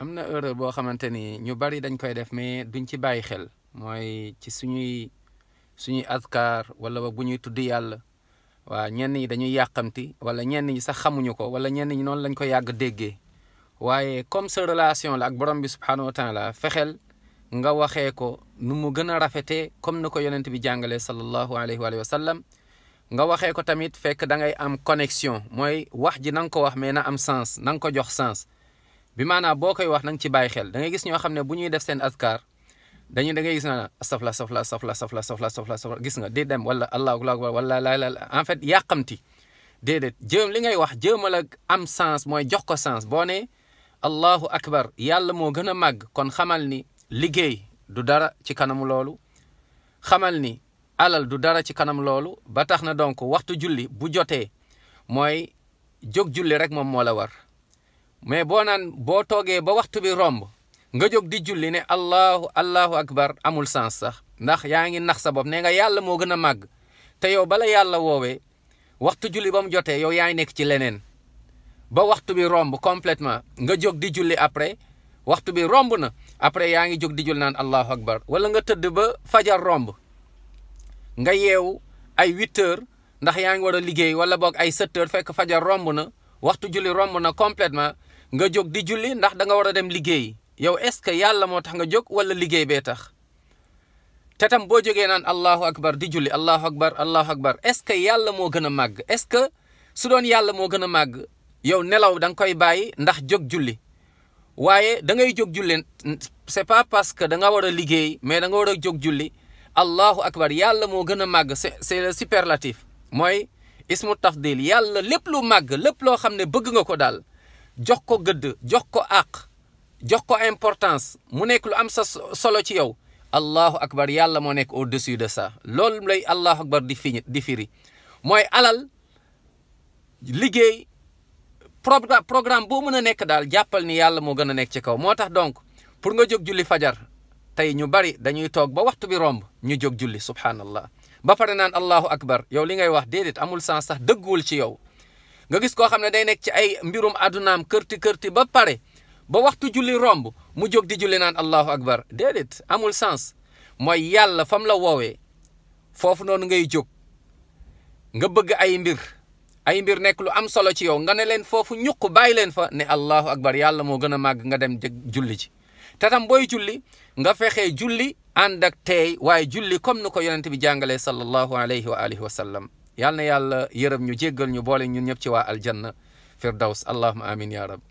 am na erreur boo xamante ni ñu bari dañ koy def mais duñ ci bàyyi xel mooy ci suñuy suñuy azkar wala ba bu ñuy tudd yàlla waa ñenn ñi dañuy yàqamti wala ñenn ñi sax xamuñu ko wala ñenn ñi noonu lañ koy yàgg déggee waaye comme sa relation la ak borom bi subhanahu wa taala fexeel nga waxee ko nu mu gën a rafetee comme na ko yonent bi jàngalee sallallahu alayhi wa sallam nga waxee ko tamit fekk da ngay am connexion mooy wax ji na nga ko wax mais na am sens na nga ko jox sens bi maanaam boo koy wax na ci bàyyi xel dangay ngay gis ñoo xam ne bu ñuy def seen askar dañuy da ngay gis na astafla astafla astafla astafla astafla astafla gis nga di dem wala allahu akbar wala laa la en fait yàqamti déedéet jéem li ngay wax jéemal ak am sens mooy jox ko sens boo ne allahu akbar yàlla moo gën a màgg kon xamal ni liggéey du dara ci kanamu loolu xamal ni alal du dara ci kanam loolu ba tax na donc waxtu julli bu jotee mooy jóg julli rek moom moo la war mais boo naan boo toogee ba waxtu bi romb nga jóg di julli ne allahu allahu akbar amul sens sax ndax yaa ngi nax sa bopp nee nga yàlla moo gën a màgg te yow bala yàlla woowee waxtu julli ba mu jotee yow yaa ngi nekk ci leneen ba waxtu bi romb complètement nga jóg di julli après waxtu bi romb na après yaa ngi jóg di julli naan allahu akbar wala nga tëdd ba fajar romb nga yeew ay huit heures ndax yaa ngi war a liggéey wala boog ay sept fekk fajar romb na waxtu julli romb na complètement nga jóg di julli ndax danga nga war a dem liggéey yow est ce que yàlla moo tax nga jóg wala liggéey bee tax te tam boo jógee naan allahu akbar di julli allahu akbar allahu akbar est ce que yàlla moo gën a màgg est ce que su doon yàlla moo gën a màgg yow nelaw danga koy bàyyi ndax jóg julli waaye da ngay jóg julli c'est pa parce que da nga war a liggéey mais da nga war a jóg julli allahu akbar yàlla moo gën a màgg se c'est le superlatif mooy ismu tafdil yàlla lépp lu màgg lépp loo xam ne bëgg nga ko daal jox ko gëdd jox ko àq jox ko importance mu nekk lu am sa solo ci yow allahu akbar yàlla moo nekk au-dessus de ça lool lay allahu akbar di fi di firi mooy alal liggéey programme boo mën a nekk daal jàppal ni yàlla moo gën a nekk ci kaw moo tax donc pour nga jog julli fajar tey ñu bari dañuy toog ba waxtu bi romb ñu jóg julli subhaanallah ba pare naan allahu akbar yow li ngay wax déedéet amul sens sax dëgguwul ci yow nga gis koo xam ne day nekk ci ay mbirum àddunaam kërti kërti ba pare ba waxtu julli romb mu jóg di julli naan allahu akbar déedéet amul sens mooy yàlla fam la woowe foofu noonu ngay jóg nga bëgg ay mbir ay mbir nekk lu am solo ci yow nga ne leen foofu ñuq bàyyi leen fa ne allahu akbar yàlla moo gën a màgg nga dem julli ci te tam booy julli nga fexe julli ànd ak teey waaye julli comme nu ko yonent bi jàngalee sallallahu alayhi wa alihi wa sallam yal na yàlla yërëm ñu jéggal ñu boole ñun ñëpp ci waa aljanna firdaws allahuma amin ya rab